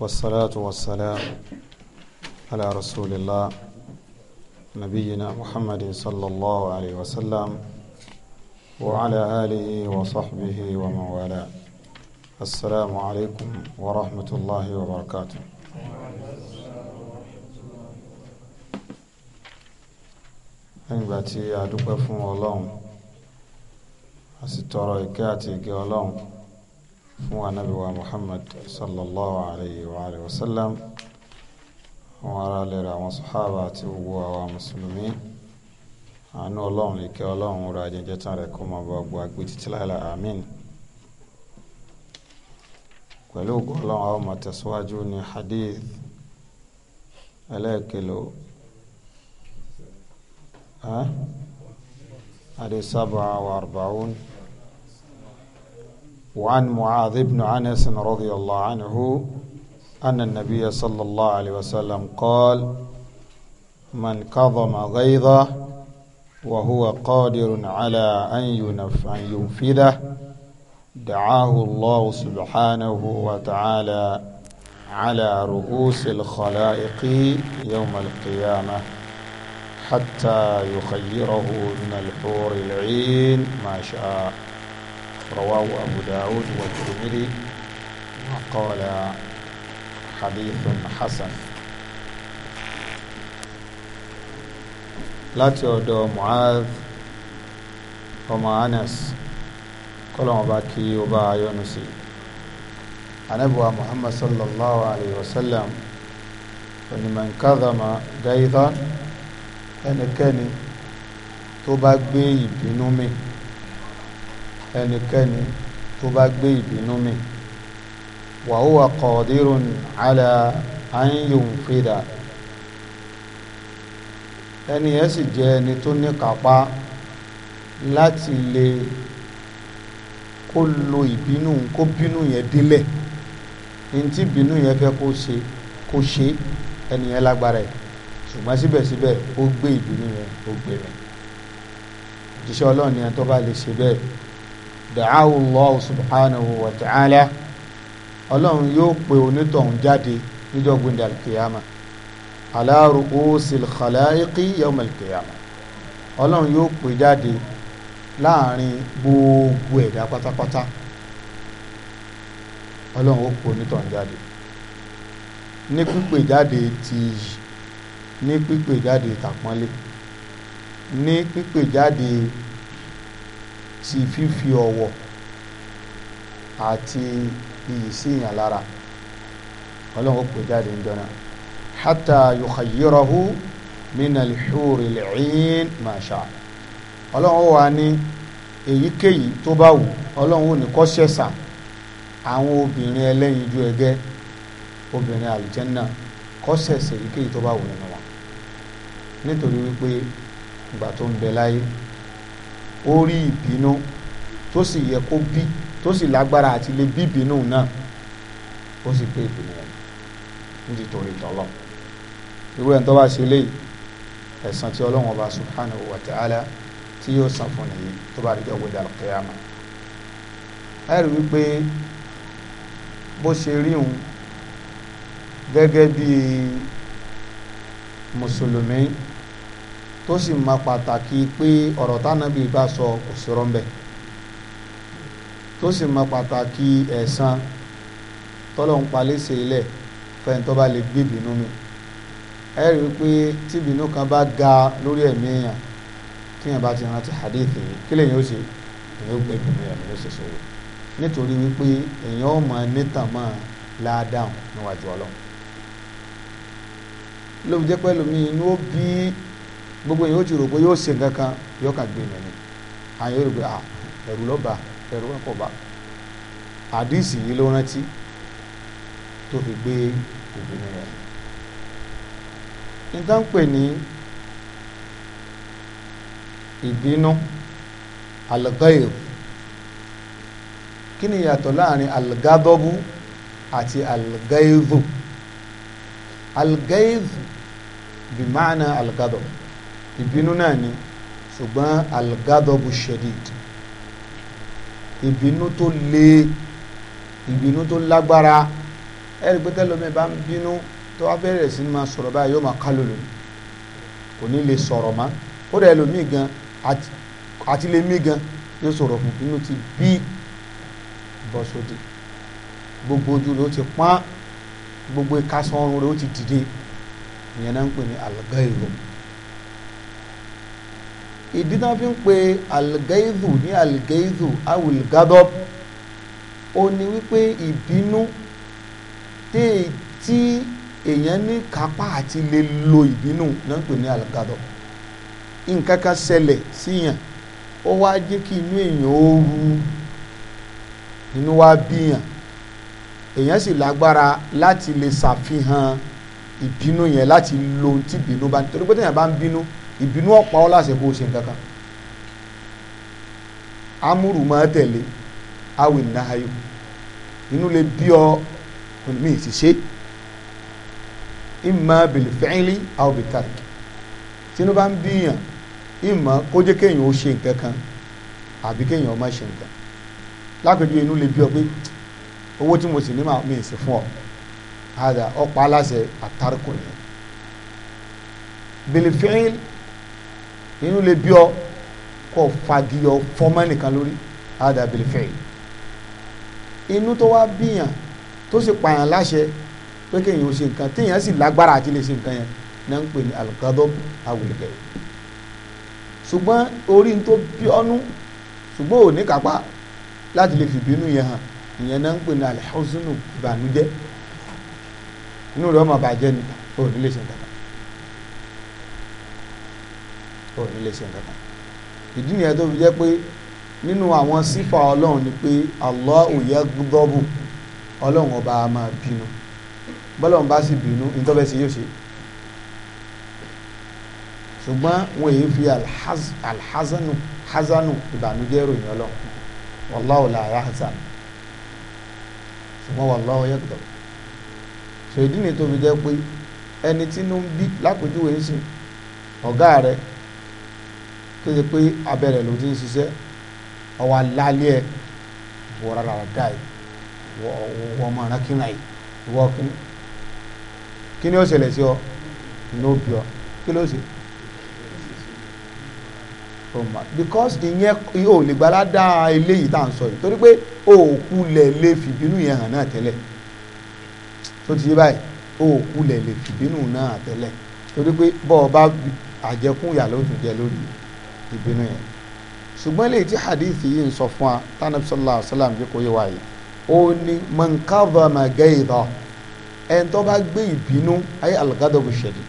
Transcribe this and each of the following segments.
والصلاة والسلام على رسول الله نبينا محمد صلى الله عليه وسلم وعلى آله وصحبه ومن والاه السلام عليكم ورحمة الله وبركاته nígbà tí a dúpẹ́ fún ọlọ́run a sì tọrọ fún anabi wa muhammad sallallahu alayhi wa alayhi wa sallam àwọn ará lẹ́rọ àwọn sàhábà àti gbogbo àwa mùsùlùmí àánú ọlọ́run ìkẹ́ ọlọ́run ra jẹjẹ tán rẹ̀ kó máa bá gbọ́ àgbé títí láìla àmín pẹ̀lú ògo ọlọ́run àwọn máa tẹ̀síwájú ní hadith ẹlẹ́ẹ̀kẹlò hadith sábà wà arba'un. وعن معاذ بن انس رضي الله عنه ان النبي صلى الله عليه وسلم قال من كظم غيظه وهو قادر على ان ينف ان ينفذه دعاه الله سبحانه وتعالى على رؤوس الخلائق يوم القيامه حتى يخيره من الحور العين ما شاء رواه أبو داود والترمذي وقال حديث حسن láti ọ̀dọ̀ Mu'adh ọmọ Anas kọ́lọ̀mọ̀ bá kí o bá yọ́nu sí anábíwá Muhammad sallallahu alayhi wa sallam onímọ̀n kádàmà gaidha ẹnikẹ́ni tó bá gbé ìbínú mi ẹnikẹ́ni tó bá gbé ìbínú mi wa huwa qadirun ala an yunfida ẹni yẹn sì jẹ́ ẹni tó ní kápá láti lè kó lo ìbínú kó bínú yẹn délẹ̀ ní tí ìbínú yẹn fẹ́ kó ṣe kó ṣe ẹni yẹn lágbára ẹ̀ ṣùgbọ́n síbẹ̀síbẹ̀ ó gbé ìbínú yẹn ó gbé rẹ̀ e òjíṣẹ́ ọlọ́run yẹn tó bá lè ṣe bẹ́ẹ̀ dàáwù Allahu subhanahu wa ta'ala ọlọ́run yóò pe onítọ̀hún jáde níjọ́ gbẹ̀ndẹ̀ alkiyama ala ru'usil khalaiqi yawm alkiyama ọlọ́run yóò pe jáde láàrin gbogbo ẹ̀dá pátápátá ọlọ́run ó pe onítọ̀hún jáde ní pípè jáde ti yìí ní pípè jáde tàpọ́nlé ní pípè jáde sí fífi ọ̀wọ̀ àti iyì sí ìyàn lára ọlọ́run ó pè jáde ń jọna hatta yukhayyirahu minal huri l'in masha ọlọ́run ó wà ní èyíkéyìí tó bá wù ọlọ́run ó ní kó ṣẹ̀sà àwọn obìnrin ẹlẹ́yinjú ẹgẹ́ obìnrin àlùjẹ́nà kó ṣẹ̀sà èyíkéyìí tó bá wù nínú wa nítorí wípé ìgbà tó ń bẹ láyé ó rí ìbínú tó sì yẹ kó bí tó sì lágbára àti lè bí ìbínú náà ó sì pé ìbínú rẹ̀ nítorí tọ́lọ̀ irú ẹ̀ tó bá ṣe léyìí ẹ̀san tí ọlọ́run ọba subhanahu wa ta'ala tí yóò san fún nìyí tó bá rí jọ gbé dàrú kẹyàmà ẹ rí wípé bó ṣe rí òun gẹ́gẹ́ bí mùsùlùmí tó sì ma pàtàkì pé ọ̀rọ̀ tánàbí bá sọ kò sí rọ́ńbẹ́ tó sì ma pàtàkì ẹ̀san tọ́lọ̀ ń palẹ́ sí ilẹ̀ fẹ́ni tó bá lè gbé ìbínú mi ẹ rí i pé tí ìbínú kan bá ga lórí ẹ̀mí èèyàn tíyàn bá ti rántí hadith yìí kí lèyìn ó ṣe èyàn ó gbé ìbínú yẹn ló ṣe sọ̀rọ̀ nítorí wípé èèyàn ó máa nítàn máa láàdáhùn níwájú ọlọ́run ló jẹ́ pẹ́ lómi inú ó bí gbogbo yìí ó ti rò pé yóò ṣe nǹkan kan yóò kà gbé yẹn ni àyè rò pé à ah, ẹ̀rù ló bà ẹ̀rù wọn kò bà àdìsí yìí ló rántí tó fi gbé obìnrin rẹ̀ nǹkan pè ní ìbínú algaib kí ni ìyàtọ̀ láàrin algadọ́bù àti algaivu algaivu bí máa na ìbínú náà ni ṣùgbọ́n algadabu shadid ìbínú tó le ìbínú tó lágbára ẹ̀rí pé tẹ́lómi bá ń bínú tó wá bẹ̀rẹ̀ sí máa sọ̀rọ̀ báyìí yóò máa kálò lónìí kò ní lè sọ̀rọ̀ mọ́ ó dẹ̀ lómi gan àti lè mí gan yóò sọ̀rọ̀ fún bínú ti bí bọ́ gbogbo ojú rẹ̀ ó ti pọ́n gbogbo ìkásán ọrùn rẹ̀ ó ti dìde ìyẹn náà ń pè ní algairu ìdí náà fi ń pe algeizu ní algeizu awil gadob ó ní wípé ìbínú tí èèyàn ní kápá àti lè lo ìbínú náà ń pè ní algadob nǹkan kan ṣẹlẹ̀ síyàn ó wá jẹ́ kí inú èèyàn ó ru inú wá bíyàn èèyàn sì lágbára láti lè ṣàfihàn ìbínú yẹn láti lo ohun tí ìbínú bá ń torí pé téèyàn bá ń bínú ìbínú ọ̀pá ọ láṣẹ kó o ṣe nǹkan kan amúrù máa tẹ̀lé awì náhayò inú lè bí ọ onímì sì ṣe ìmọ̀ bìlì fẹ́ẹ́lì àwọn bìtàrìkì tínú bá ń bíyàn ìmọ̀ kó jẹ́ kéèyàn ó ṣe nǹkan kan àbí kéèyàn ó má ṣe nǹkan lápèjúwe inú lè bí ọ pé owó tí mo sì ní màá mi sì fún ọ ọ̀pá aláṣẹ àtàrìkù nìyẹn bìlì fẹ́ẹ́lì inú lè bí ọ kọ fagiyọ fọmọ nìkan lórí adàbìlìfẹ inú tó wá bíyàn tó sì pààyàn láṣẹ pé kéèyàn ó ṣe nǹkan téèyàn sì lágbára àti lè ṣe nǹkan yẹn náà ń pè ní alukadọb awùlẹkẹ ṣùgbọ́n orí ń tó bí ọnú ṣùgbọ́n ò ní kápá láti lè fìbínú yẹn hàn ìyẹn náà ń pè ní alihuzunu ìbànújẹ́ inú rẹ̀ ọmọ bàjẹ́ ni ò ní lè ṣe nǹkan ò ní lè ṣe nǹkan kan ìdí nìyẹn tó fi jẹ́ pé nínú àwọn sífà ọlọ́run ni pé Allahu yaghdabu ọlọ́run ọba a máa bínú bọ́lọ́run bá sì bínú ìtọ́fẹ́ sí yóò ṣe ṣùgbọ́n wọn èyí fi alhazanu hazanu ìbànújẹ́ ròyìn ọlọ́run wallahu la yahzan ṣùgbọ́n wallahu yaghdabu ṣèdí ni tó fi jẹ́ pé ẹni tí inú ń bí lápèjúwe ń sìn ọ̀gá rẹ̀ tó yẹ pé abẹ́rẹ́ ló ti ń ṣiṣẹ́ ọwọ́ alálẹ́ ẹ̀ wọ́n rárá dá ẹ̀ wọ́n mọ̀ ọ̀rán kíran ẹ̀ wọ́n kíni kí ni ó ṣẹlẹ̀ sí ọ ní òbí ọ kí ló ṣe because ìyẹn ò lè gbalá dá eléyìí tá à ń sọ yìí torí pé òòkú lẹ̀ lè fìbínú yẹn hàn náà tẹ́lẹ̀ tó ti yé báyìí òòkú lẹ̀ lè fìbínú náà tẹ́lẹ̀ torí pé bọ́ọ̀ bá àjẹkùn ìyà jẹ lórí yìí ìbínú yẹn ṣùgbọ́n lè ti hadithi yìí ń sọ fún wa tánà sallallahu alaihi wasallam kò yé wa yìí ó ní man kadhama ghayza ẹni tó bá gbé ìbínú ay al-ghadabu shadid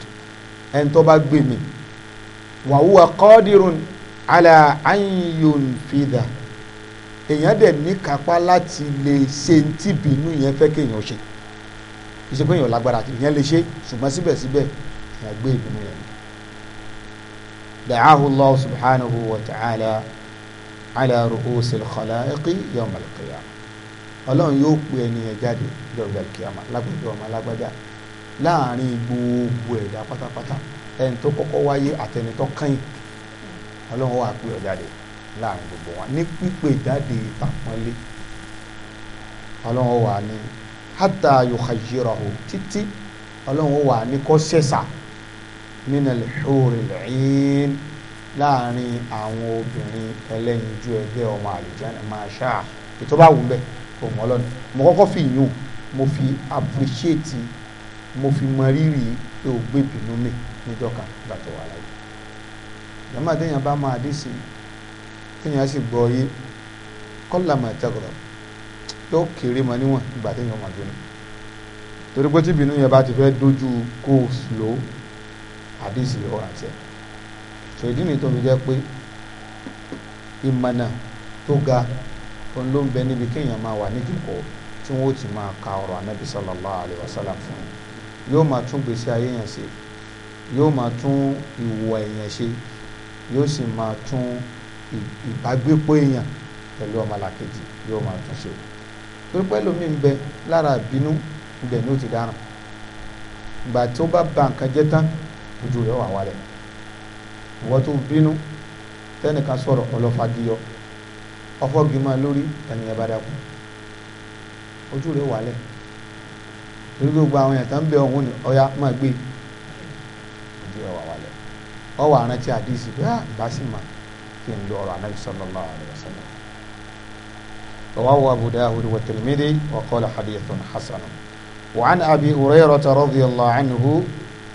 ẹni tó bá gbé mi wa huwa qadirun ala an yunfidha èèyàn dẹ̀ ní kápá láti lè ṣe ti bínú yẹn fẹ́ kéèyàn ṣe ìṣègùn lágbára èèyàn lè ṣe ṣùgbọ́n síbẹ̀síbẹ̀ èèyàn ìbínú yẹn دعاه الله سبحانه وتعالى على رؤوس الخلائق يوم القيامة ọlọ́run yóò pe ẹni yẹn jáde lọ́gbà kíama lágbàdo ọmọ alágbádá láàrin gbogbo ẹ̀dá pátápátá ẹni tó kọ́kọ́ wáyé àtẹni tó kẹ́yìn ọlọ́run wà pé ọ jáde láàrin gbogbo wọn ní pípé jáde tàpọ́nlé ọlọ́run wà ní hátà yòókà yìí rọ̀ títí ọlọ́run wà ní kọ́ minal huril ain láàrin àwọn obìnrin ẹlẹ́yinjú ẹgbẹ́ ọmọ àlùjáde máa ṣá ètò bá wù bẹ́ẹ̀ kò mọ́ lọ́nà mo kọ́kọ́ fi yún mo fi appreciate mo fi mọ rírì pé o gbé bínú mi níjọ́ kan gbà tó wà láyé ìyàmá téèyàn bá máa dé sí téèyàn sì gbọ́ yé kọ́là máa tẹ́kọ̀ọ́ yóò kéré mọ níwọ̀n ìgbà téèyàn máa bínú torí pé tí bínú yẹn bá ti fẹ́ dojú kó o slow àdìsí ó ránṣẹ́ so ìdí nìyí tó fi jẹ́ pé ìmọ̀nà tó ga òun ló ń bẹ níbi kéèyàn máa wà níjòkó tí wọ́n ó ti máa ka ọ̀rọ̀ anábì sallallahu alayhi wa sallam fún un yóò máa tún gbèsè ayé yẹn ṣe yóò máa tún ìwà èèyàn ṣe yóò sì máa tún ìbágbépọ̀ èèyàn pẹ̀lú ọmọlàkejì yóò máa tún ṣe pípẹ́ lómi ń bẹ lára ìbínú ibẹ̀ ni ó ti dáràn ìgbà tó bá ba nǹkan jẹ́ tán ojú rẹ̀ wà wálẹ̀ ìwọ́n tó bínú tẹ́nìkan sọ̀rọ̀ ọlọ́fagiyọ ọfọ́gímọ̀ lórí ẹnìyẹn bá dákú ojú rẹ̀ wálẹ̀ torí gbogbo àwọn èèyàn tó ń bẹ ọ̀hún ni ọ̀yá máa gbé ojú rẹ̀ wà wálẹ̀ ọwọ́ àrántí àdìsí pé ìbásímà kí n lo ọ̀rọ̀ anábì sallallahu alaihi wasallam رواه أبو داود والترمذي وقال حديث حسن وعن أبي هريرة رضي الله عنه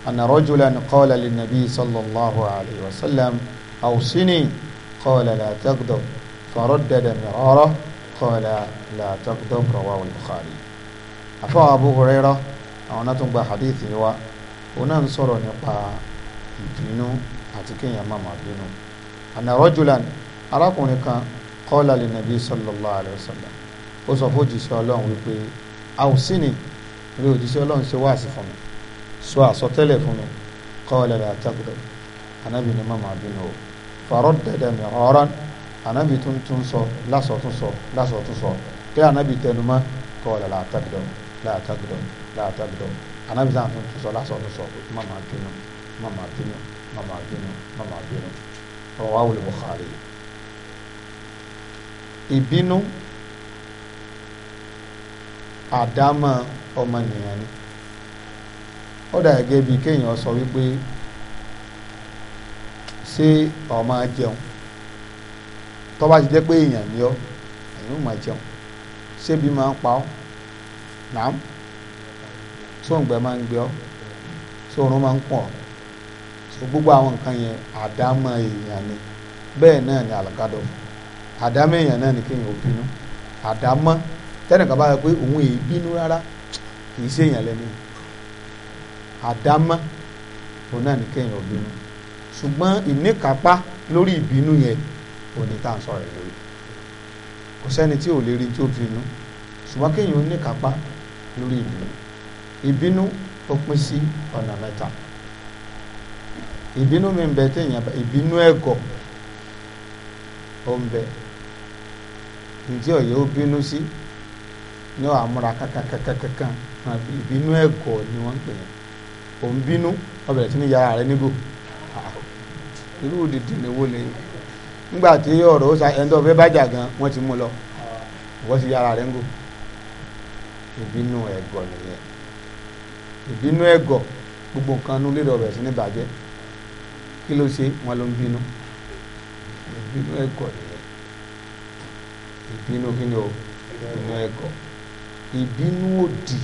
أن رجلا قال للنبي صلى الله عليه وسلم أوصني قال لا تغضب فردد مرارة قال لا تغضب رواه البخاري أفا أبو هريرة أنا تنبى حديثي و أنا نصر نقى ìbínú àti kéèyàn má máa bínú àná rajulan arákùnrin kan qala li nabi sallallahu alayhi wa sallam ó sọ fún òjíṣẹ́ ọlọ́run wípé àwòsíni rí òjíṣẹ́ ọlọ́run ṣe wáàsí fún mi sọ àsọtẹ́lẹ̀ fún mi qala la taqdab anábì ní màmá bínú o faraddada mi'aran anábì tún tún sọ lásọ tún sọ lásọ tún sọ kí anábì tẹnumọ́ qala la taqdab la taqdab la taqdab anábì sáà tún sọ lásọ tún sọ màmá bínú màmá bínú màmá bínú màmá bínú rawahu al-Bukhari ìbínú àdámọ́ ọmọnìyàn ni ó dà gẹ́gẹ́ bíi kéèyàn sọ wípé ṣé ó máa jẹun tó bá ti jẹ́ pé èèyàn ni ọ́ èèyàn ò máa jẹun ṣé bí máa ń pa ọ́ nàám sóǹgbẹ máa ń gbé ọ́ sóòrùn máa ń pọ̀ ọ́ so gbogbo àwọn nǹkan yẹn àdámọ̀ èèyàn ni bẹ́ẹ̀ náà ni àlàkàdọ̀ àdámọ̀ èèyàn náà ni kéèyàn ò bínú àdámọ̀ tẹ́nìkan bá yẹ pé òun èyí bínú rárá kì í ṣèèyàn lẹ́nu yìí àdámọ́ òun náà ní kéèyàn ò bínú ṣùgbọ́n ìníkápá lórí ìbínú yẹn òun ní tá à ń sọ̀rọ̀ lórí kò sẹ́ni tí ò lè rí tí ó bínú ṣùgbọ́n kéèyàn ò níkápá lórí ìbínú ìbínú ó pín sí ọ̀nà mẹ́ta ìbínú mi ń bẹ téèyàn ìbínú ẹ̀gọ̀ ó ń bẹ ǹjẹ́ ọ̀yẹ́ ó bínú sí ní àmúra kankan kankan kankan ìbínú ẹ̀gọ̀ ni wọ́n ń pè yẹn òun bínú ọbẹ̀ tí ní yàrá rẹ nígò ah, irú òdìdì níwó lè nígbà tí ọ̀rọ̀ ó sa ẹni tó fẹ́ bàjá gan wọ́n ti mú lọ wọ́n ti yàrá rẹ nígò ìbínú ẹ̀gọ̀ nìyẹn ìbínú ẹ̀gọ̀ gbogbo nǹkan nu lè rọ̀bẹ̀ sí ní bàjẹ́ kí ló ṣe wọn ló ń bínú ìbínú ẹ̀gọ̀ nìyẹn ìbínú kí ni o ìbínú ẹ̀gọ̀ ìbínú òdì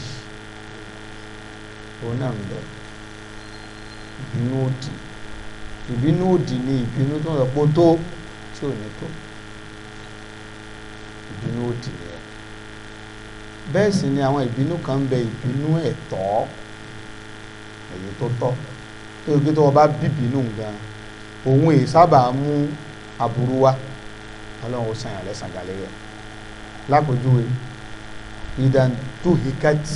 òun náà ń bẹ̀rẹ̀ ìbínú òdì ìbínú òdì ni ìbínú tó ń sọ pé ó tó tí ò ní tó ìbínú òdì ni ẹ bẹ́ẹ̀ sì ni àwọn ìbínú kan ń bẹ ìbínú ẹ̀tọ́ èyí tó tọ́ tó yẹ kí tó o bá bíbínú gan òun èyí sábà mú aburú wá ọlọ́run ó san yàn lẹ́sàn galẹ̀ yẹ lápòjúwe ìdàntúhìkàtì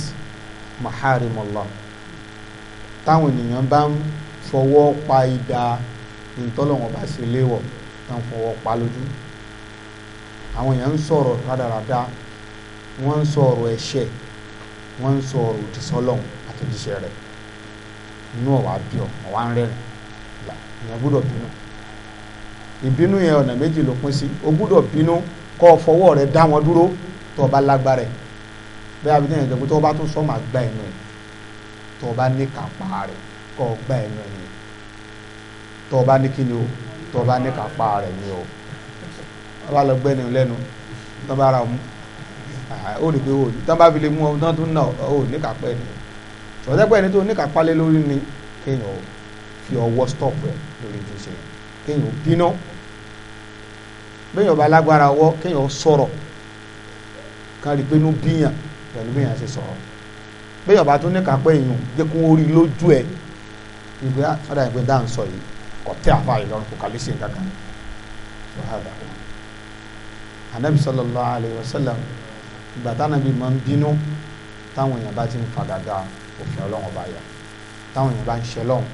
maharimallah táwọn ènìyàn bá ń fọwọ́ pa idà ntọ́lọ́wọ́n bá ṣe léwọ̀ tá ń fọwọ́ pa lójú àwọn èèyàn ń sọ̀rọ̀ rádaràda wọ́n ń sọ̀rọ̀ ẹ̀ṣẹ̀ wọ́n ń sọ̀rọ̀ òdì sọ́lọ́hún àtòjíṣẹ́ rẹ̀ inú ọ̀wá bí ọ̀ ọ̀wá ń rẹ́rìn là èèyàn gbọ́dọ̀ bínú ìbínú yẹn ọ̀nà méjì ló pín sí o gbọ́dọ̀ bínú kọ́ ọ fọwọ́ rẹ dá wọn dúró tó o bá lágbára ẹ̀ bẹ́ẹ̀ abidjan ìjọba tó o bá tún sọ́ọ́ máa gbá ẹ̀mí ẹ̀ tó o bá ní kápá rẹ̀ kọ́ ọ gbá ẹnu ẹ̀yìn tó o bá ní kíni o tó o bá ní kápá rẹ̀ ni o wọ́n bá lọ gbẹ́ni lẹ́nu tó bá ra mú ó rí pé o tó bá fi lè mú ọ tó tún náà ní kápá ẹ̀ ni sọ̀tẹ́pẹ́ ẹni tó ní kápá lé lórí ni kéèyàn o fi ọwọ́ stop ẹ̀ lórí tó ṣe kéèyàn bínú bẹ́ẹ̀yàn bá lágbára ọwọ́ kéèyàn sọ̀rọ̀ kárí pé inú bíyàn pẹ̀lú bíyàn ṣe sọ̀rọ̀ bẹ́ẹ̀ yọ̀bá tó ní kápẹ́ èèyàn jẹ́ kó orí lójú ẹ̀ ìgbé ọ̀dà ìgbé dá ń sọ yìí kọ̀tẹ́ àfa ìlọrin kò kàlẹ́ sí nǹkan kan anabi sallallahu alayhi wa sallam ìgbà tánabi máa ń bínú táwọn èèyàn bá ti ń fagagá òfin ọlọ́run ọba yà táwọn èèyàn bá ń ṣe ọlọ́run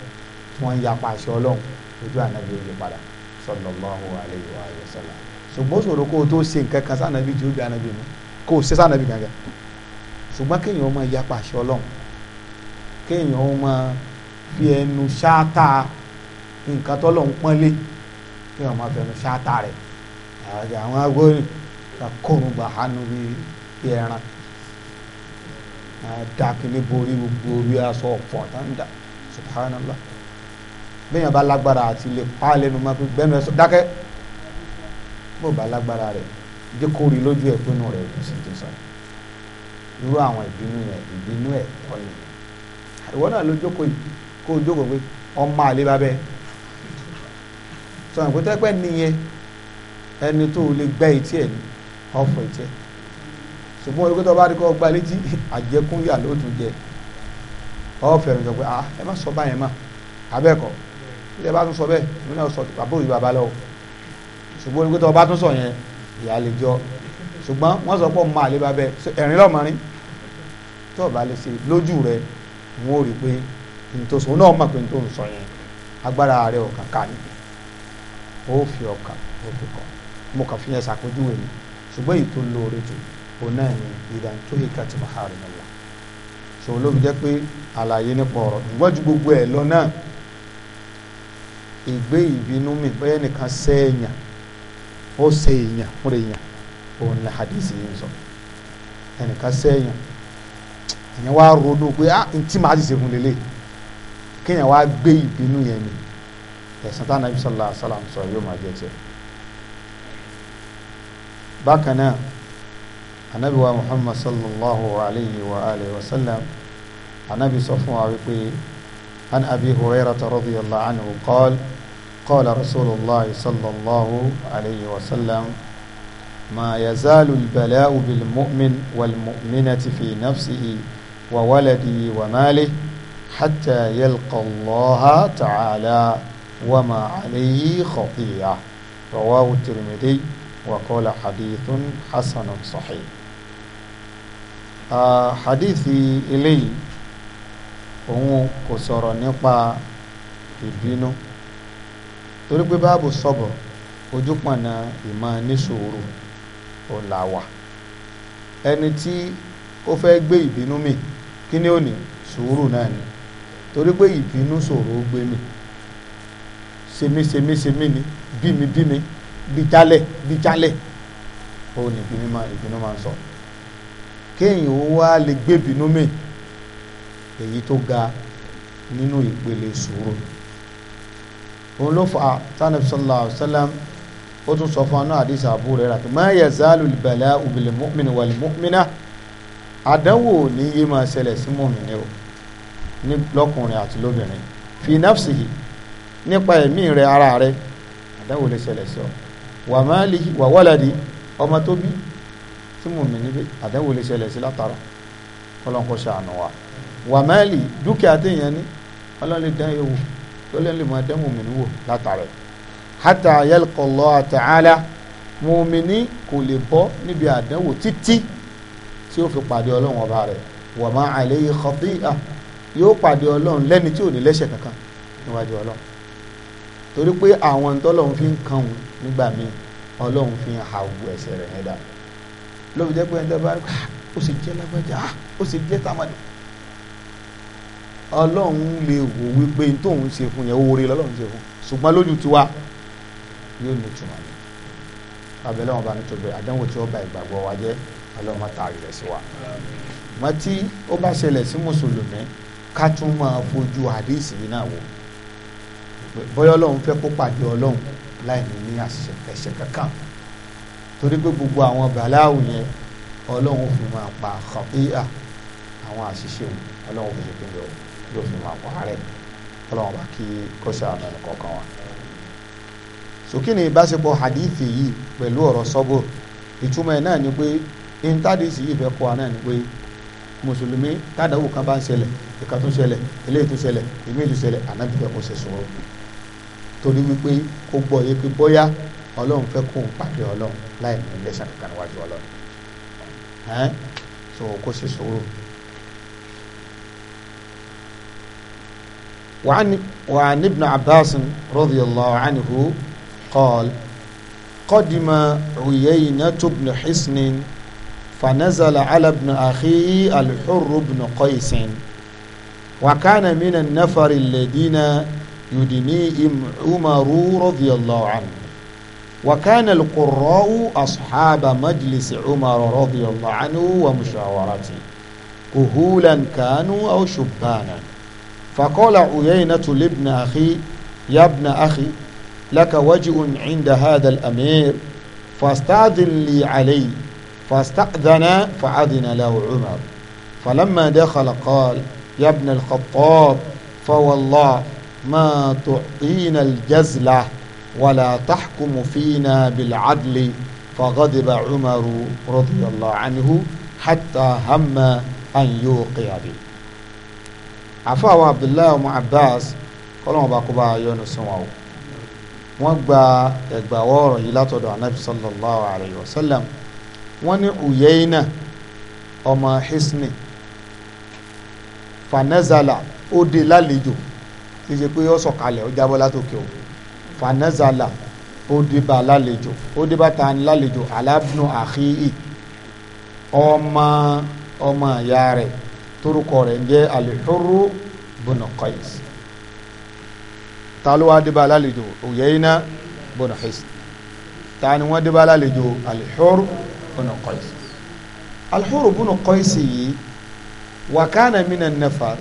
tí wọ́n ń yapa àṣẹ ọlọ́run ojú anabi ó yí padà sallallahu alayhi wa sallam ṣùgbọ́n sọ̀rọ̀ kó o tó ṣe nǹkan kan sánabi tí ó bí anabi mú kó o ṣe sánabi gangan ṣùgbọ́n kéèyàn ó máa yapa àṣẹ ọlọ́run kéèyàn ó máa fi ẹnu ṣáátá nǹkan tọ́lọ́run pọ́nlé kéèyàn máa fẹnu ṣáátá rẹ̀ àwọn agbóyún kóòrùn gbà hánú bíi ẹran dákìlì borí gbogbo orí aṣọ ọ̀pọ̀ dáńdá subhanallah bẹ́yàn bá lágbára àti lè pa lẹ́nu máa fi gbẹ́nu ẹ̀ sọ dákẹ́ bó bá lágbára rẹ̀ jẹ́ lójú ẹ̀ pinnu rẹ̀ kò sì ti sọ̀rọ̀ irú àwọn ìbínú yẹn ìbínú ẹ̀tọ́ ni ìwọ náà ló jókòó yìí kó o jókòó pé ọmọ àlè bàbẹ sọ ìpótẹ́ pẹ́ nìyẹn ẹni tó o lè gbẹ́ etí ẹ̀ ní ọ̀fọ̀ etí ẹ̀ ṣùgbọ́n orí kótó bá rí kọ́ gba létí àjẹkúnyà ló tún jẹ ọ̀fẹ́ mi pé ah ẹ má sọ báyẹn mà abẹ́ẹ̀kọ́ ilé bá tún sọ bẹ́ẹ̀ ìwé náà sọ bàbá òyìnbó bàbá lọ ṣùgbọ́n orí kótó bá tún sọ yẹn ìyá lè jọ ṣùgbọ́n wọ́n sọ pé ọmọ àlè bàbẹ ẹ̀rín lọ́mọrin tó o bá lè ṣe lójú rẹ wọn ò rí pé ntòsùn náà mọ̀ pé ntòsùn sọ yẹn agbára rẹ ò kàkà ni ó fi ọkà ó fi kọ mo kàn fi yẹn ṣàpèjúwe mi ṣùgbọ́n èyí tó lóore jù òun náà ni ìdá tó yẹ ká ti máa ha rẹ lọ ṣòwò ló fi jẹ́ pé àlàyé nípa ọ̀rọ̀ ìwọ́n ju gbogbo ẹ̀ lọ náà ìgbé ìbínú mi bẹ́ẹ̀ nìkan sẹ́yìn ó sẹ́yìn fúnra èèyàn òun ni hadith yìí ń sọ ẹnìkan sẹ́yìn èèyàn wá ronú pé ah ntí màá ti ṣègùn lélẹ̀ kéèyàn wá gbé ìbínú yẹn ni ẹ̀sán tá nàbí sọlá sálàm sọ yóò máa jẹ tiẹ̀. bákan náà anabi wa muhammad sallallahu alayhi wa alayhi wa sallam anabi sọ fún wa wípé an abi hurayrata radiyallahu anhu qala qala rasulillah sallallahu alayhi wa sallam. ما يزال البلاء بالمؤمن والمؤمنة في نفسه وولده وماله حتى يلقى الله تعالى وما عليه خطيئة رواه الترمذي وقال حديث حسن صحيح آه حديثي إلي òun kò sọ̀rọ̀ nípa ìbínú torí pé báàbù sọ̀bọ̀ ojú pọ̀nà ìmọ̀ ní ó là wà ẹni tí ó fẹ́ gbé ìbínú mì kí ni ó ní sùúrù náà ni torí pé ìbínú ṣòro ó gbé mì semisemisemi ni bími bími bíjálẹ̀ bíjálẹ̀ ó ní ìbínú máa ìbínú máa ń sọ kéèyàn ó wá lè gbé ìbínú mì èyí tó ga nínú ìpele sùúrù òun ló fà tánàbí sallallahu alaihi wa sallam ó tún sọ fún aná àdìsí Abu Huraira pé má yazalu al-bala'u bil-mu'mini wal-mu'mina àdánwò ní yé máa ṣẹlẹ̀ sí mùmínì o ní lọ́kùnrin àti lóbìnrin fi nafsihi nípa ẹ̀mí rẹ̀ ara rẹ̀ àdánwò lè ṣẹlẹ̀ sí ọ wa malihi wa waladi ọmọ tó bí tí mùmínì bí àdánwò lè ṣẹlẹ̀ sí látara kọlọ́nkọ́ ṣàánú wa wa malihi dúkìá téèyàn ní ọlọ́run hata yalqa Allah ta'ala mùmíní kò lè bọ́ níbi àdánwò títí tí ó fi pàdé ọlọ́run ọba rẹ̀ wa ma alayhi khati'ah yóò pàdé ọlọ́run lẹ́ni tí ò ní lẹ́ṣẹ̀ kankan níwájú ọlọ́run torí pé àwọn tọ́lọ́run fi ń kàn wọ́n nígbà míì ọlọ́run fi ń ha gbogbo ẹ̀ṣẹ̀ rẹ̀ yẹn lóbi jẹ́ pé ẹni tó bá rí ah, ó sì jẹ́ lágbájá ah, ó sì jẹ́ tàmádì ọlọ́run lè wò wípé tóun ṣe fún yẹn oore lọ́lọ́run ṣe fún ṣùgbọ́n lójú tiwa yóò ní ìtumọ̀ ni abẹ́lẹ́ wọn bá ní tóbi àdánwò tí ó ba ìgbàgbọ́ wa jẹ́ ọlọ́run máa taari rẹ̀ sí wa. wọ́n tí ó bá ṣẹlẹ̀ sí mùsùlùmí ká tún máa fojú àdéhìsì yìí náà wò bóyá ọlọ́run fẹ́ kó pàdé ọlọ́run láì ní ní ẹ̀ṣẹ̀ kankan torí pé gbogbo àwọn bàláwù yẹn ọlọ́run fi máa pa kọ̀píà àwọn àṣìṣe ọlọ́run fi ṣe pé yóò fi máa pa àárẹ̀ ọlọ́run bá kí kó ṣe àmọ́ ẹnì kọ̀ọ̀kan sókè ní ìbáṣepọ̀ hadithi yìí pẹ̀lú ọ̀rọ̀ sọ́bùr ìtumọ̀ ẹ̀ náà ni pé intadisi yìí fẹ́ kọ́ wa náà ni pé mùsùlùmí tádàwù kan bá ń ṣẹlẹ̀ ìka tó ṣẹlẹ̀ eléyìí tó ṣẹlẹ̀ èmi ìlú ṣẹlẹ̀ ànábì fẹ́ kó ṣe sọ̀rọ̀ torí wípé kó gbọ́ yé pé bóyá ọlọ́run fẹ́ kó ń pàdé ọlọ́run láì ní lẹ́sẹ̀ kankan wájú ọlọ́run وعن وعن ابن عباس رضي الله عنه قال قدم عيينة بن حسن فنزل على ابن أخيه الحر بن قيس وكان من النفر الذين يدنيهم عمر رضي الله عنه وكان القراء أصحاب مجلس عمر رضي الله عنه ومشاورته كهولا كانوا أو شبانا فقال عيينة لابن أخي يا ابن أخي لك وجه عند هذا الأمير فاستأذن لي عليه فاستأذن فأذن له عمر فلما دخل قال يا ابن الخطاب فوالله ما تعطينا الجزلة ولا تحكم فينا بالعدل فغضب عمر رضي الله عنه حتى هم أن يوقع به عفاو عبد الله ومعباس قالوا بقبا يونس وعوه wọ́n gba ẹ̀gbàwọ́ ọ̀rọ̀ yìí látọ̀dọ̀ anabi sallallahu alayhi wa sallam wọ́n ní uyeyna ọmọ hisni fanazala ó de lálejò kì í ṣe pé ó sọ̀kalẹ̀ ó jábọ́ látòkè o fanazala ó de bá lálejò ó de bá ta ni lálejò alábìnú àkíyì ọmọ ọmọ ìyá rẹ̀ torúkọ rẹ̀ ń jẹ́ alihuru bùnú ta ló wá débà lálejò Uyayna bọ̀nà Hisn ta ni wọ́n débà lálejò Al-Hurr bọ̀nà Qais Al-Hurr bọ̀nà Qais yìí wa kana minan nafar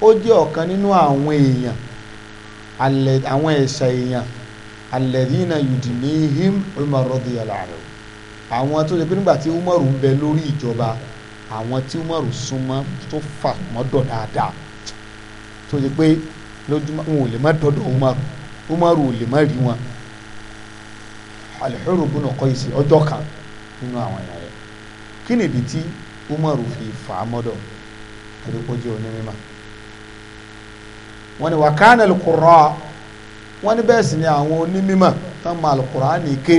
ó jẹ́ ọ̀kan nínú àwọn èèyàn àwọn ẹ̀ṣà èèyàn alladhina yudinihim Umar radiyallahu anhu àwọn tó ṣe pé nígbà tí Umaru ń bẹ lórí ìjọba àwọn tí Umaru súnmọ́ tó fà mọ́dọ̀ dáadáa tó ṣe pé lójúmọ́ wọn ò lè má dọ́dọ̀ umaru umaru ò lè má rí wọn alihuru bùnà kọ́ ìsìn ọjọ́ kan nínú àwọn èèyàn rẹ̀ kí ni ìdí tí umaru fi fà á mọ́dọ̀ torí kó jẹ́ onímọ̀ wọn ni wàkánà lùkùrọ̀ wọn ni bẹ́ẹ̀ sì ni àwọn onímọ̀ tán máa lùkùrọ̀ á nìké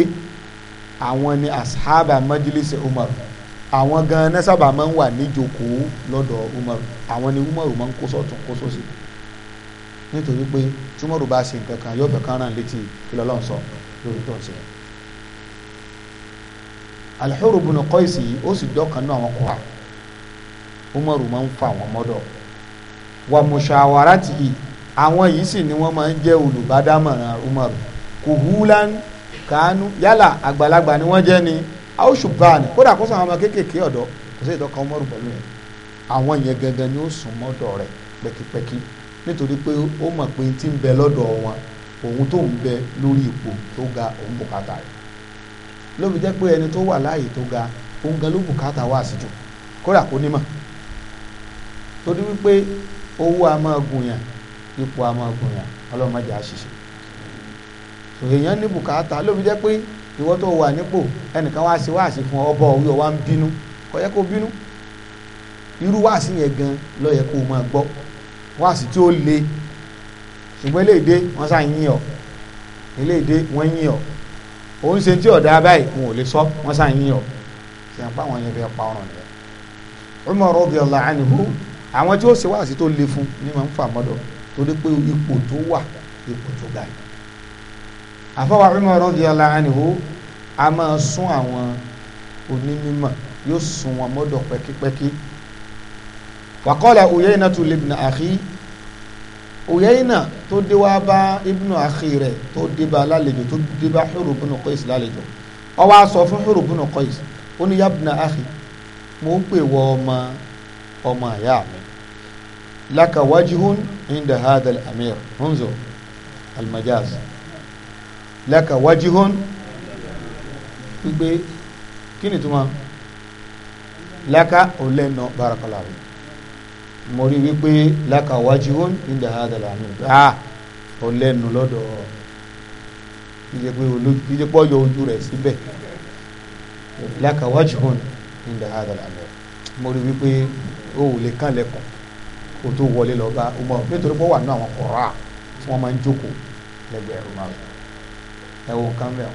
àwọn ni asahaba majlis umaru àwọn gan-an sábà máa ń wà níjókòó lọ́dọ̀ umaru àwọn ni umaru máa ń kó sọ́tún kó sósì. So nítorí pé túmọ̀rù bá ṣe nǹkan kan yóò fẹ́ kán rán létí kílọ̀ lọ́n sọ lórí tó ń ṣe. Al-Hurr ibn Qais yìí ó sì dọ́kan náà wọn kọ́ wa Umaru máa ń fa àwọn mọ́dọ̀ wa mushawaratihi àwọn yìí sì ni wọ́n máa ń jẹ́ olùbádámọ̀ràn Umaru kuhulan kanu yálà àgbàlagbà ni wọ́n jẹ́ ni aw shubban kódà kó sọ àwọn ọmọ kéékèèké ọ̀dọ́ kò sí ìdọ́kan Umaru pẹ̀lú yẹn àwọn yẹn gangan ni ó sùn mọ́dọ̀ rẹ̀ pẹ́kípẹ́kí nítorí pé ó mọ̀ pé tí ń bẹ lọ́dọ̀ wọn òun tó ń bẹ lórí ipò tó ga òun bùkátà rẹ̀ ló fi jẹ́ pé ẹni tó wà láàyè tó ga òun gan ló bùkátà wà sí jù kódà kó nímọ̀ torí wípé owó a máa gùn yàn ipò a máa gùn yàn ọlọ́mọdé á ṣiṣẹ́ èèyàn ní bùkátà ló fi jẹ́ pé ìwọ tó wà nípò ẹnìkan wá sí wáàsí fún ọbọ orí ọwá ń bínú kò yẹ kó bínú irú wáàsí yẹn gan ló yẹ kó máa gbọ́ wáàsí tí ó le ṣùgbọ́n eléèdè wọ́n sá yín ọ eléèdè wọ́n yín ọ òun ṣe tí ọ̀dà báyìí wọn ò lè sọ wọ́n sá yín ọ ṣèyàn pa àwọn yẹn fẹ́ pa ọ̀ràn rẹ̀ Umar radiyallahu anhu àwọn tí ó ṣe wáàsí tó le fún ni màá ń fà mọ́dọ̀ torí pé ipò tó wà ipò tó ga yìí àfọwọ́ Umar radiyallahu anhu a máa sún àwọn onímọ̀ yóò sún wọn mọ́dọ̀ pẹ́kípẹ́kí wàkọ́lẹ̀ òyẹ́yìnà tó lè bìnà àkí òyẹ́yìnà tó dé wá bá ibùnà àkí rẹ̀ tó dé bá lálejò tó dé bá Hurr ibn Qais lálejò ó wá sọ fún Hurr ibn Qais ó ní yabna àkí mo ń pè wọ ọmọ ọmọ àyà mi laka wajihun inda hadha amir hunzo al laka wajihun gbígbé kí ni tó laka olè nọ mo rí wípé lákàwájú ó nígbà àdàlà mi à ọlẹ́nu lọ́dọ̀ ìjẹ́ pé ọyọ ojú rẹ̀ síbẹ̀ lákàwájú ó nígbà àdàlà mi mo rí wípé ó ò lè kàn lẹ́kọ̀ọ́ kó tó wọlé lọ bá ọmọ nítorí pé ó wà ní àwọn kọ̀ọ̀rọ̀ à tí wọ́n máa ń jókòó lẹ́gbẹ̀ẹ́ ẹ̀rọ máa ẹ̀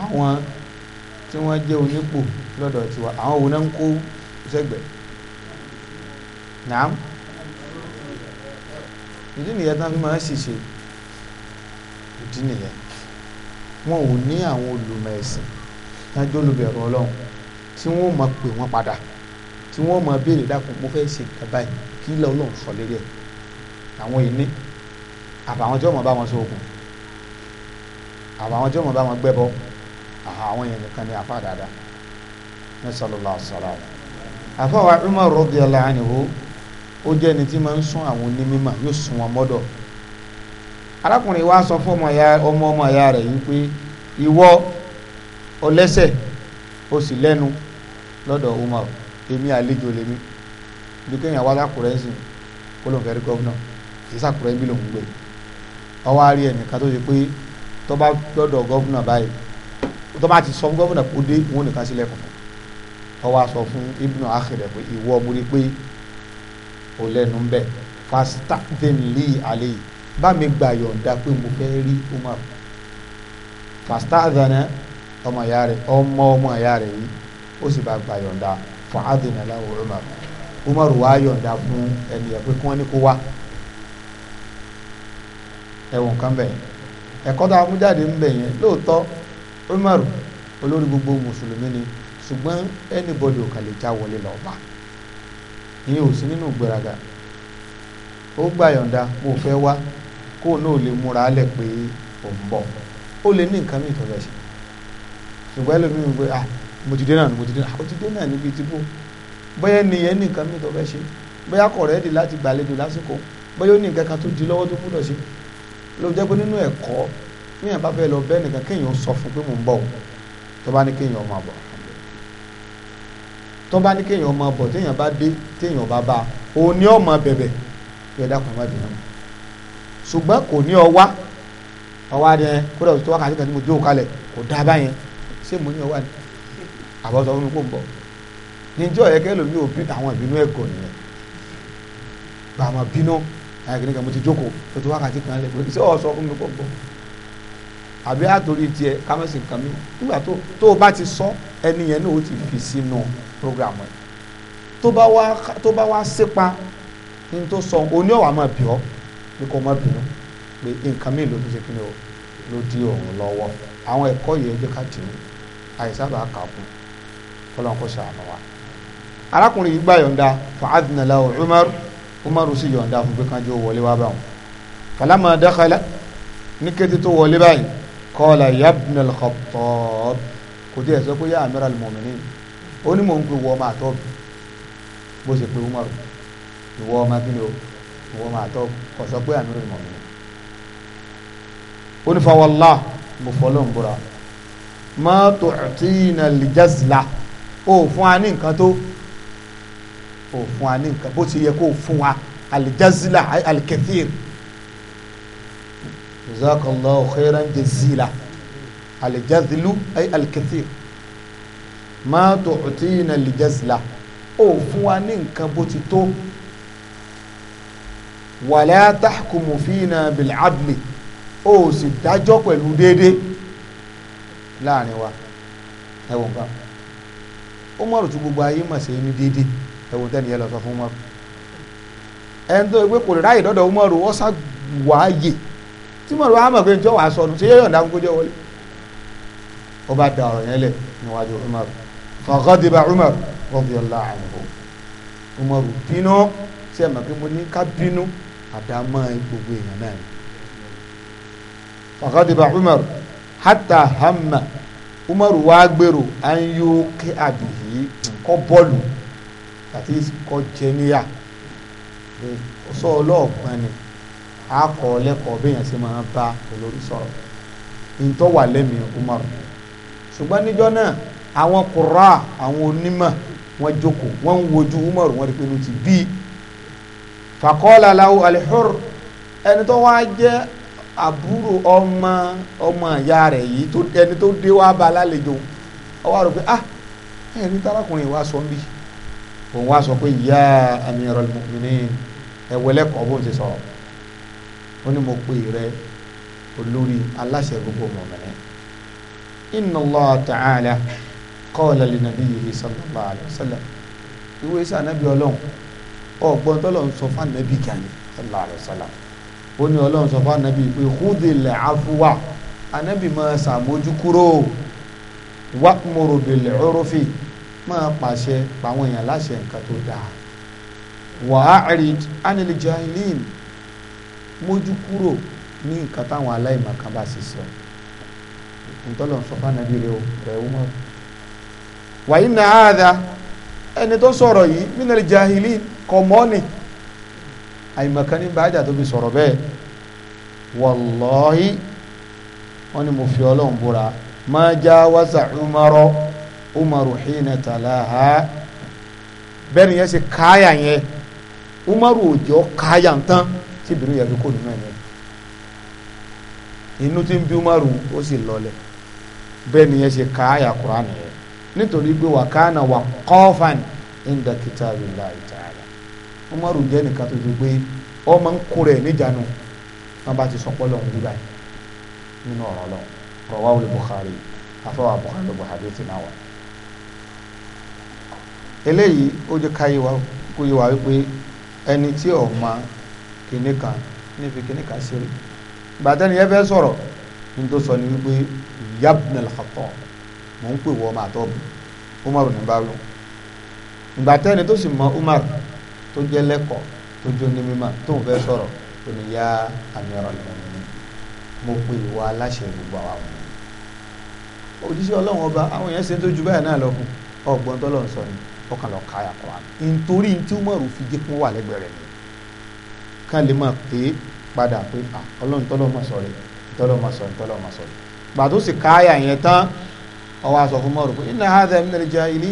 àwọn tí wọ́n jẹ́ onípò lọ́dọ̀ tiwa àwọn wo náà ń kó sẹ́gbẹ̀ẹ́ nàám ìdí nìyẹn tán fi máa ń ṣìṣe ìdí nìyẹn wọn ò ní àwọn olùmọ̀ ẹ̀sìn tájọ́ olùbẹ̀rù ọlọ́run tí wọ́n máa pè wọ́n padà tí wọ́n máa béèrè dákun mo fẹ́ ṣe nǹkan báyìí kí ilẹ̀ ọlọ́run sọ lérí ẹ̀ àwọn ìní àbàwọn tí wọ́n máa bá wọn sóògùn àbàwọn tí wọ́n máa bá wọn gbẹ́bọ àwọn yẹn nìkan ni àfa dáadáa ní sallallahu alaihi wasallam àfa wa Umar radiyallahu anhu ó jẹ́ ẹni tí máa ń sún àwọn onímọ̀ yóò sún wọn mọ́dọ̀ arákùnrin wa sọ fún ọmọ ọmọ ìyá rẹ̀ yìí pé ìwọ ọlẹ́sẹ̀ o sì lẹ́nu lọ́dọ̀ Umar èmi àlejò lèmi bí kéèyàn wá lákùrẹ́ ń sìn kó ló ń fẹ́ rí gọ́vnà ìsàkùrẹ́ bí lòún gbé ọwọ́ àárí ẹnìkan tó ṣe pé tó bá lọ́dọ̀ gọ́vnà báyìí tó bá ti sọ gọ́vnà kó dé wọn nìkan sílẹ̀ kọ̀ọ̀kan ọwọ́ àsọ fún Ibnu Akhira pé ìwọ mo rí pé ò lẹ́nu ń bẹ̀ fastaqdhin li alayhi bá mi gbà yọ̀ǹda pé mo fẹ́ rí Umar fasta'dhana ọmọ ìyá rẹ̀ ọmọ ọmọ ìyá rẹ̀ yìí ó sì bá gbà yọ̀ǹda fa'adhina lahu Umar Umar wá yọ̀ǹda fún ẹni ẹ̀ pé kí wọ́n ní kó wá ẹ̀wọ̀n kan bẹ̀ ẹ̀kọ́ tó amújáde ń bẹ̀ yẹn lóòótọ́ Umar olórí gbogbo mùsùlùmí ni ṣùgbọ́n anybody ò kàn lè já wọlé lọ́ọ́ bá Ni ò sí nínú gbéraga ó gbà yọ̀ǹda mo fẹ́ wá kó o náà lè múra lẹ̀ pé ò ń bọ̀ ó ni ní nǹkan mìíràn tọ́lẹ̀ ṣe ṣùgbọ́n ẹlòmíràn pé ah mo ti dé náà ni mo ti dé náà ó ti dé náà níbi tí bó bóyá nìyẹn ní nǹkan mìíràn tọ́lẹ̀ ṣe bóyá kọ̀ rẹ́ẹ̀dì láti gbàlejò lásìkò bóyá ó ní nǹkan kan tó di lọ́wọ́ tó gbúdọ̀ ṣe ló jẹ́ pé nínú ẹ̀kọ́ níyàn bá fẹ́ lọ bẹ́ẹ̀ nìkan kéèyàn sọ fún pé mò ń bọ̀ tó bá ní kéèyàn máa bọ̀ tó bá ní kéèyàn ọmọ bọ̀ téèyàn bá dé téèyàn bá bá o ní ọmọ bẹ̀bẹ̀ yóò dákun ẹ̀ má bìnrin mọ́ ṣùgbọ́n kò ní ọwá ọwá ni ẹ kódà tó wákàtí kan tí mo jó kalẹ̀ kò dá báyẹn ṣé mo ní ọwá ni àbọ̀sọ̀ fún mi kò ń bọ̀ níjọ́ yẹ kẹ́ lómi ò bí àwọn ìbínú ẹ̀kọ́ nìyẹn bàmọ̀ bínú àyàkínní kan mo ti jókòó tó wákàtí kan lẹ̀ pé ṣé ọ̀ fún mi kò ń bọ̀ àbí àtòrí tiẹ̀ kámẹ́sì nǹkan mi nígbà tó tó o bá ti sọ ẹni yẹn náà ó ti fi sínú program ẹ̀ tó bá wá tó bá wá sépa ní tó sọ oní ọ̀wà máa bì ọ́ pé kò máa bínú pé nǹkan mi ló ti ṣe kíni o ló di òun lọ́wọ́ àwọn ẹ̀kọ́ yìí ẹjẹ́ ká tì í àìsábà kà kún fọlọ́n kó ṣàánú wa. arákùnrin yìí gbà yọ̀ǹda fàádìnnàlá Umar Umar sì yọ̀ǹda fún pé kánjú wọlé wá báwọn kàlámà dákàlá ní kété tó wọlé báyìí kọ́ọ̀lá yabna al-Khattab kò tí ẹ̀ sọ pé yá amira al-mu'minin ó ní mò ń pe ìwọ ọmọ àtọ́bù bó ṣe pé Umar ìwọ ọmọ kí ni o ìwọ ọmọ àtọ́bù kò sọ pé amira al-mu'minin ó ní fa wallah mo fọlọ́ ń búra ma tu'tina al ó fún wa ní nǹkan tó ó fún wa ní nǹkan bó ti yẹ kó fún wa al-jazla al-kathir. al jazla jazakallahu khairan jazila aljazilu ay alkathir ma tu'tina aljazla ó fún wa ní nǹkan bó ti tó wala tahkumu fina bil'adli ó sì dájọ́ pẹ̀lú déédé láàrin wa ẹ̀wọ̀n kan Umaru tí gbogbo ayé mà ṣe ní déédé ẹ̀wọ̀n tẹ́ni yẹn lọ sọ fún Umaru ẹni tó gbé kò ráyè dọ́dọ̀ Umaru ó sá wàá yè tí mo rò wá mọ̀ pé njọ́ wàá sọnù ṣé yọ̀ǹda kúkú jẹ́ wọlé ó bá da ọ̀rọ̀ yẹn lẹ̀ níwájú Umar faqadiba Umar radiyallahu anhu Umar bínú sí ẹ̀ mọ̀ pé mo ní ká bínú àdámọ́ gbogbo èèyàn náà ni faqadiba Umar hatta hamma Umar wá gbèrò an yuqi'a bihi bọ́ọ̀lù àti kọ́ jẹ níyà sọ ni á kọ́ lẹ́kọ̀ọ́ bẹ́ẹ̀ yẹn sì máa bá olórí sọ̀rọ̀ ntọ́ wà lẹ́mìí Umar ṣùgbọ́n níjọ́ náà àwọn kura àwọn onímọ̀ wọ́n jókòó wọ́n ń wojú Umar wọ́n rí pé inú ti bí fàkọ́lá aláwo alihur ẹni tó wáá jẹ́ àbúrò ọmọ ọmọ ìyá rẹ̀ yìí ẹni tó dé wá bá lálejò ọwọ́ rẹ̀ pé ah ẹni tárakùnrin wa sọ ń òun wá sọ pé ya Amirul Mu'minin ẹ̀wẹ̀lẹ́kọ̀ọ́ bó ń ṣe sọ̀rọ̀ ó ní mo pè rẹ olórí aláṣẹ gbogbo mọ̀mọ́lẹ́ inna Allah ta'ala qala li nabiyyihi sallallahu alayhi wa sallam ìwé sá nàbí ọlọ́run ọ̀gbọ́n tó lọ́n sọ fún nàbí gani sallallahu alayhi wa sallam ó ní ọlọ́run sọ fún nàbí pé khudhil afwa anabi máa ṣàmójú kúrò wa'muru bil urfi máa pàṣẹ pàwọn èèyàn láṣẹ nǹkan tó dáa wa'rid anil jahilin mójú kúrò ní nǹkan táwọn aláìmọ̀kan bá sì sọ ntọ́lọ̀ sọ́fà nàbí rẹ̀ rẹ̀ ó mọ̀ wàyí nà áàdá ẹni tó sọ̀rọ̀ yìí mínà jahili kọ̀mọ́nì àìmọ̀kan ní bàjá tó fi sọ̀rọ̀ bẹ́ẹ̀ wàlọ́hí wọ́n ni mo fi ọlọ́run búra máa já wáṣà umarọ́ umaru hìnà tàlàhà bẹ́ẹ̀ ni yẹn ṣe káyà yẹn umaru òjò káyà ń tán tí ìbínú yẹn fi kó nínú ẹ̀mí inú tí ń bí umaru ó sì lọlẹ̀ bẹ́ẹ̀ ni yẹn ṣe ka àyà Qur'an yẹn nítorí pé wà kánà wà kọ́fàn inda kitabillahi ta'ala umaru jẹ́ nìkan tó ti gbé ọmọ ń kó rẹ̀ níjànú wọn bá ti sọ pọ́ lọ́hùn bíbáyì nínú ọ̀rọ̀ lọ rọwá olè Bukhari afọwà Bukhari ló Bukhari ti náà wà. eléyìí ó jẹ́ káyé wa kó yé wa wípé ẹni tí ọ̀ kìnní kan ní fi kìnní kan ṣeré gbàtẹ́ni yẹn fẹ́ sọ̀rọ̀ ní tó sọ ni wípé yabna al-Khattab mò ń pè wọ́ ọmọ àtọ́ mi Umar ní bá wọn gbàtẹ́ni tó sì mọ Umar tó jẹ́ lẹ́kọ̀ọ́ tó jó ní mímọ́ tó ń fẹ́ sọ̀rọ̀ tó ní yá amiral mu'minin mo pè ìwọ aláṣẹ gbogbo àwọn ọmọ mi òjíṣẹ́ ọlọ́run ọba àwọn yẹn ṣe tó ju báyìí náà lọ fún ọgbọ́n tọ́lọ́run sọ ni ọkàn lọ káyà kọ́ àná nítorí tí Umar fi jẹ́ kó wà lẹ́gbẹ̀ẹ́ rẹ̀ ká lè máa pè é padà pé ọlọ́run tọ́lọ́ máa sọ̀rọ̀ tọ́lọ́ máa sọ̀rọ̀ tọ́lọ́ máa sọ̀rọ̀ gbà tó sì káyà yẹn tán ọwọ́ aṣọ fún mọ́rùn pé iná hàdà ẹ̀mí nàìjíríà ilé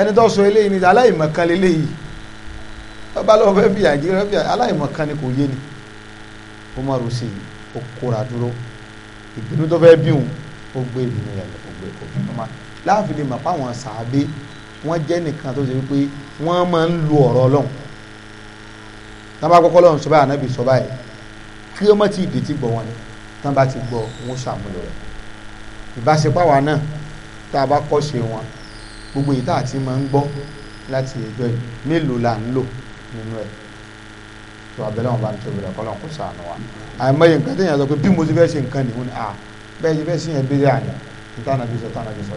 ẹni tó sọ eléyìí ni aláìmọ̀kan lélẹ́yìí bàbá lọ́wọ́ fẹ́ fìyà jí rẹ́ fìyà aláìmọ̀kan ni kò yé ni Umaru sì ó kóra dúró ìbínú tó fẹ́ bí òun ó gbé ìbínú rẹ̀ lọ gbé òbínú ma láàfin lè mọ̀ pàwọn sàábé wọ́n jẹ́ nìkan tó tán bá kọ́kọ́ lọ́run sọ́bàá ànábì sọ́bàá yìí kí ó mọ̀ tí ìdí ti gbọ̀ wọn ni tán bá ti gbọ́ wọn ṣàmúlò rẹ̀ ìbáṣepọ̀ àwa náà tá a bá kọ́ ṣe wọn gbogbo yìí tá a ti máa ń gbọ́ láti ẹjọ́ yìí mélòó la ń lò nínú ẹ̀ tó abẹ́lẹ́ wọn bá ń tóbi rẹ̀ kọ́ lọ́n kó sànù wa àìmọye nǹkan téèyàn sọ pé bí mo ti fẹ́ ṣe nǹkan nìhun à bẹ́ẹ̀ ti fẹ́ ṣe yẹn bíi àná ìtànà bí sọ tànà bí sọ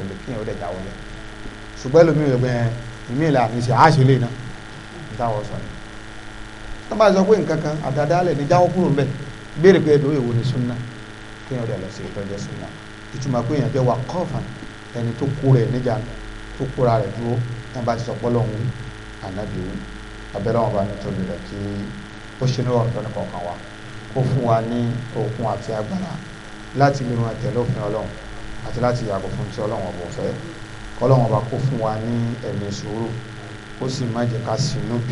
ilé tó bá sọ pé nǹkan kan àdádálẹ̀ ní jáwọ́ kúrò ńbẹ̀ béèrè pé ẹ̀dùn èwo ni sunna kéèyàn rẹ̀ lọ sí ìtọ́jú sunna ìtumọ̀ pé èèyàn jẹ́ wà kọ́ọ̀fà ẹni tó kó rẹ̀ níjànú tó kóra rẹ̀ dúró náà bá ti sọ pọ́ lọ́hùn ànábì wí abẹ́rẹ́ wọn bá ní tóbi rẹ̀ kí ó ṣe ní ọ̀rọ̀ tọ́ni kọ̀ọ̀kan wa kó fún wa ní okun àti agbára láti lè ràn tẹ̀lé òfin ọlọ́run àti láti yàgò fún tí ọlọ́run ọ̀bọ̀ fẹ́ kọ́lọ́run